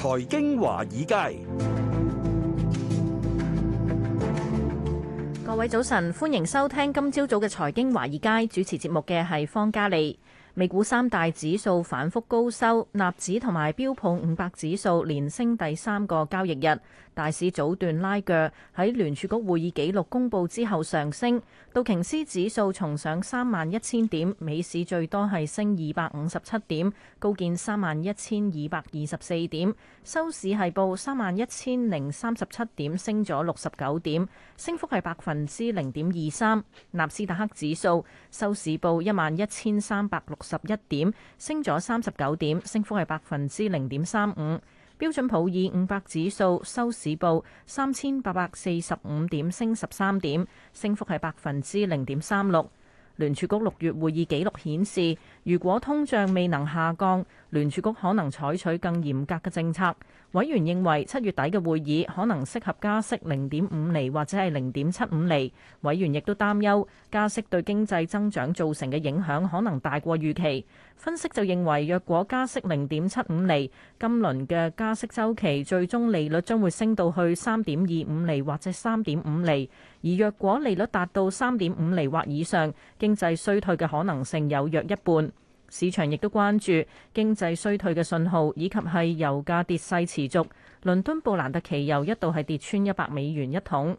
財經華爾街，各位早晨，歡迎收聽今朝早嘅財經華爾街主持節目嘅係方嘉利，美股三大指數反覆高收，納指同埋標普五百指數連升第三個交易日。大市早段拉鋸，喺聯儲局會議紀錄公佈之後上升。道瓊斯指數重上三萬一千點，美市最多係升二百五十七點，高見三萬一千二百二十四點，收市係報三萬一千零三十七點，升咗六十九點，升幅係百分之零點二三。納斯達克指數收市報一萬一千三百六十一點，升咗三十九點，升幅係百分之零點三五。標準普爾五百指數收市報三千八百四十五點，升十三點，升幅係百分之零點三六。聯儲局六月會議紀錄顯示，如果通脹未能下降，聯儲局可能採取更嚴格嘅政策。委員認為七月底嘅會議可能適合加息零點五厘或者係零點七五厘。委員亦都擔憂加息對經濟增長造成嘅影響可能大過預期。分析就認為，若果加息零點七五厘，今輪嘅加息週期最終利率將會升到去三點二五厘或者三點五厘。而若果利率達到三點五厘或以上，經經濟衰退嘅可能性有約一半，市場亦都關注經濟衰退嘅信號，以及係油價跌勢持續。倫敦布蘭特期油一度係跌穿一百美元一桶。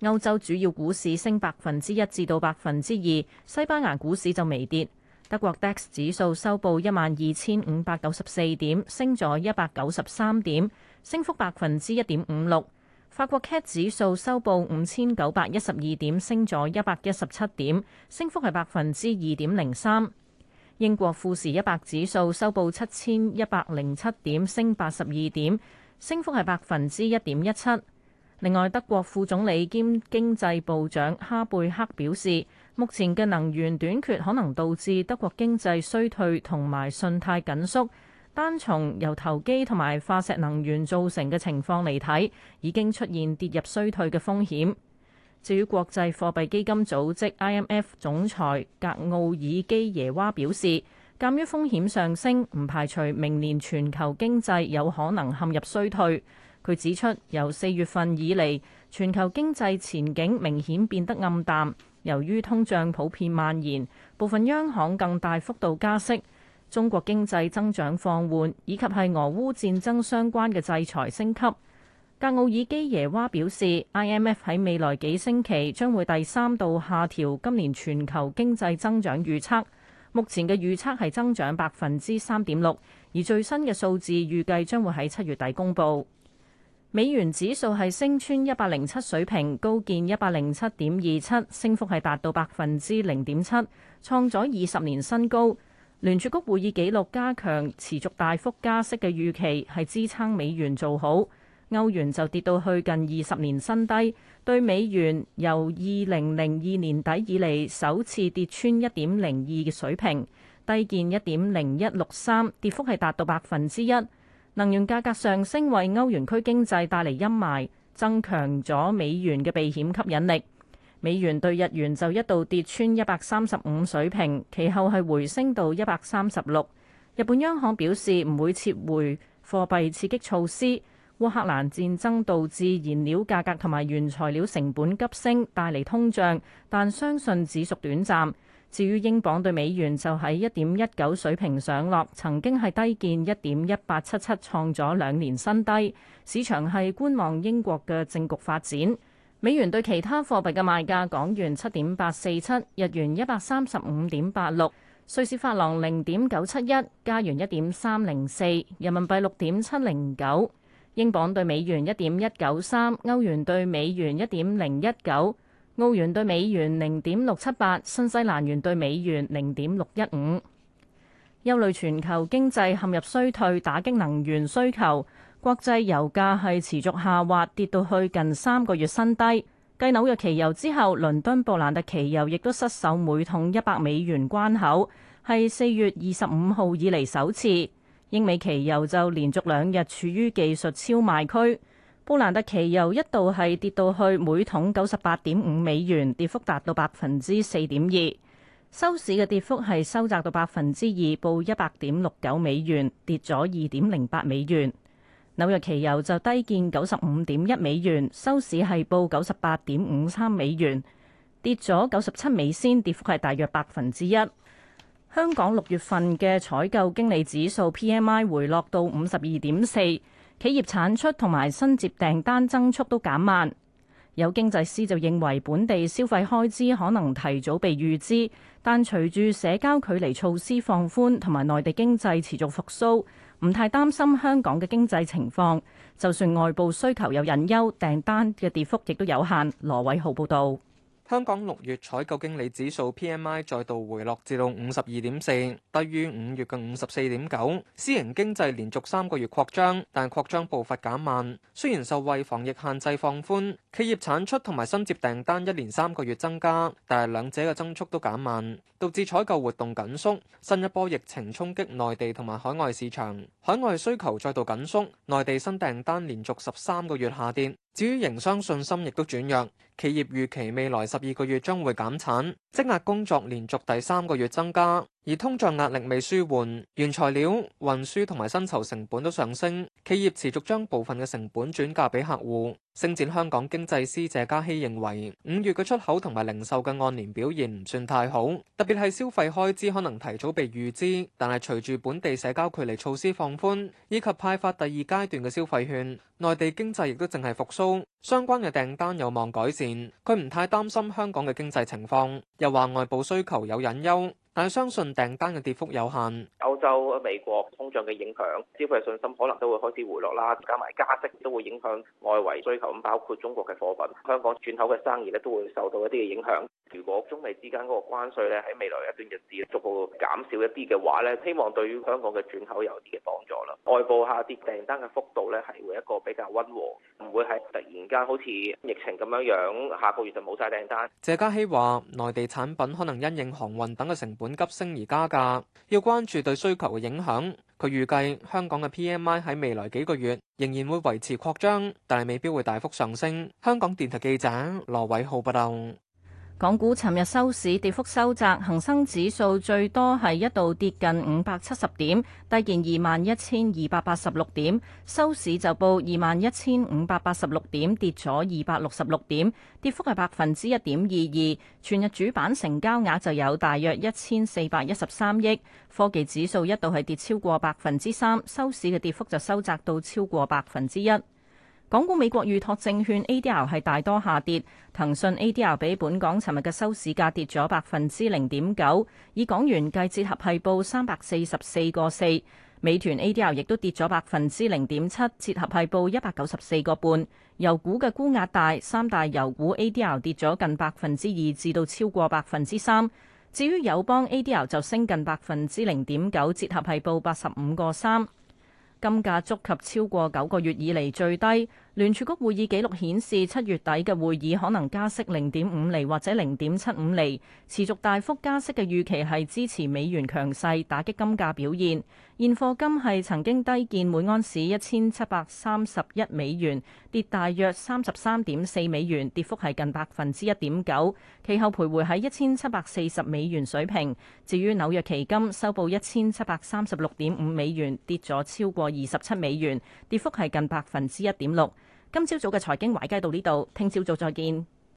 歐洲主要股市升百分之一至到百分之二，西班牙股市就微跌。德國 DAX 指數收報一萬二千五百九十四點，升咗一百九十三點，升幅百分之一點五六。法國 CAC 指數收報五千九百一十二點，升咗一百一十七點，升幅係百分之二點零三。英國富時一百指數收報七千一百零七點，升八十二點，升幅係百分之一點一七。另外，德國副總理兼經濟部長哈貝克表示，目前嘅能源短缺可能導致德國經濟衰退同埋信貸緊縮。單從由投機同埋化石能源造成嘅情況嚟睇，已經出現跌入衰退嘅風險。至於國際貨幣基金組織 （IMF） 總裁格奧爾基耶娃表示，鑑於風險上升，唔排除明年全球經濟有可能陷入衰退。佢指出，由四月份以嚟，全球經濟前景明顯變得暗淡，由於通脹普遍蔓延，部分央行更大幅度加息。中國經濟增長放緩，以及係俄烏戰爭相關嘅制裁升級。格奧爾基耶娃表示，IMF 喺未來幾星期將會第三度下調今年全球經濟增長預測，目前嘅預測係增長百分之三點六，而最新嘅數字預計將會喺七月底公布。美元指數係升穿一百零七水平，高見一百零七點二七，升幅係達到百分之零點七，創咗二十年新高。聯儲局會議記錄加強持續大幅加息嘅預期，係支撐美元做好，歐元就跌到去近二十年新低，對美元由二零零二年底以嚟首次跌穿一點零二嘅水平，低見一點零一六三，跌幅係達到百分之一。能源價格上升為歐元區經濟帶嚟陰霾，增強咗美元嘅避險吸引力。美元兌日元就一度跌穿一百三十五水平，其後係回升到一百三十六。日本央行表示唔會撤回貨幣刺激措施。烏克蘭戰爭導致燃料價格同埋原材料成本急升，帶嚟通脹，但相信只屬短暫。至於英鎊對美元就喺一點一九水平上落，曾經係低見一點一八七七，創咗兩年新低。市場係觀望英國嘅政局發展。美元對其他貨幣嘅賣價：港元七點八四七，日元一百三十五點八六，瑞士法郎零點九七一，加元一點三零四，人民幣六點七零九，英鎊對美元一點一九三，歐元對美元一點零一九，澳元對美元零點六七八，新西蘭元對美元零點六一五。憂慮全球經濟陷入衰退，打擊能源需求。國際油價係持續下滑，跌到去近三個月新低。繼紐約期油之後，倫敦布蘭特期油亦都失守每桶一百美元關口，係四月二十五號以嚟首次。英美期油就連續兩日處於技術超賣區。布蘭特期油一度係跌到去每桶九十八點五美元，跌幅達到百分之四點二。收市嘅跌幅係收窄到百分之二，報一百點六九美元，跌咗二點零八美元。紐約期油就低見九十五點一美元，收市係報九十八點五三美元，跌咗九十七美仙，跌幅係大約百分之一。香港六月份嘅採購經理指數 PMI 回落到五十二點四，企業產出同埋新接訂單增速都減慢。有經濟師就認為本地消費開支可能提早被預支，但隨住社交距離措施放寬同埋內地經濟持續復甦，唔太擔心香港嘅經濟情況，就算外部需求有隱憂，訂單嘅跌幅亦都有限。羅偉豪報導。香港六月採購經理指數 PMI 再度回落至到五十二點四，低於五月嘅五十四點九。私營經濟連續三個月擴張，但擴張步伐減慢。雖然受惠防疫限制放寬，企業產出同埋新接訂單一連三個月增加，但係兩者嘅增速都減慢，導致採購活動緊縮。新一波疫情衝擊內地同埋海外市場，海外需求再度緊縮，內地新訂單連續十三個月下跌。至於營商信心亦都轉弱，企業預期未來十二個月將會減產，積壓工作連續第三個月增加。而通脹壓力未舒緩，原材料運輸同埋薪酬成本都上升，企業持續將部分嘅成本轉嫁俾客戶。星展香港經濟師謝嘉熙認為，五月嘅出口同埋零售嘅按年表現唔算太好，特別係消費開支可能提早被預支。但係隨住本地社交距離措施放寬，以及派發第二階段嘅消費券，內地經濟亦都淨係復甦，相關嘅訂單有望改善。佢唔太擔心香港嘅經濟情況，又話外部需求有隱憂。但係相信訂單嘅跌幅有限。歐洲、美國通脹嘅影響，消費信心可能都會開始回落啦。加埋加息都會影響外圍需求，咁包括中國嘅貨品，香港轉口嘅生意咧都會受到一啲嘅影響。如果中美之間嗰個關稅咧喺未來一段日子逐步減少一啲嘅話咧，希望對於香港嘅轉口有啲嘅幫助。外部下跌訂單嘅幅度咧，係會一個比較溫和，唔會係突然間好似疫情咁樣樣，下個月就冇晒訂單。謝嘉希話：內地產品可能因應航運等嘅成本急升而加價，要關注對需求嘅影響。佢預計香港嘅 PMI 喺未來幾個月仍然會維持擴張，但係未必會大幅上升。香港電台記者羅偉浩報道。港股尋日收市，跌幅收窄，恒生指數最多係一度跌近五百七十點，低見二萬一千二百八十六點，收市就報二萬一千五百八十六點，跌咗二百六十六點，跌幅係百分之一點二二。全日主板成交額就有大約一千四百一十三億，科技指數一度係跌超過百分之三，收市嘅跌幅就收窄到超過百分之一。港股美國預託證券 ADR 係大多下跌，騰訊 ADR 比本港尋日嘅收市價跌咗百分之零點九，以港元計折合係報三百四十四個四。美團 ADR 亦都跌咗百分之零點七，折合係報一百九十四個半。油股嘅沽壓大，三大油股 ADR 跌咗近百分之二，至到超過百分之三。至於友邦 ADR 就升近百分之零點九，折合係報八十五個三。金價觸及超過九個月以嚟最低。聯儲局會議記錄顯示，七月底嘅會議可能加息零點五厘或者零點七五厘，持續大幅加息嘅預期係支持美元強勢，打擊金價表現。現貨金係曾經低見每盎司一千七百三十一美元，跌大約三十三點四美元，跌幅係近百分之一點九。其後徘徊喺一千七百四十美元水平。至於紐約期金收報一千七百三十六點五美元，跌咗超過二十七美元，跌幅係近百分之一點六。今朝早嘅財經華爾街到呢度，聽朝早再見。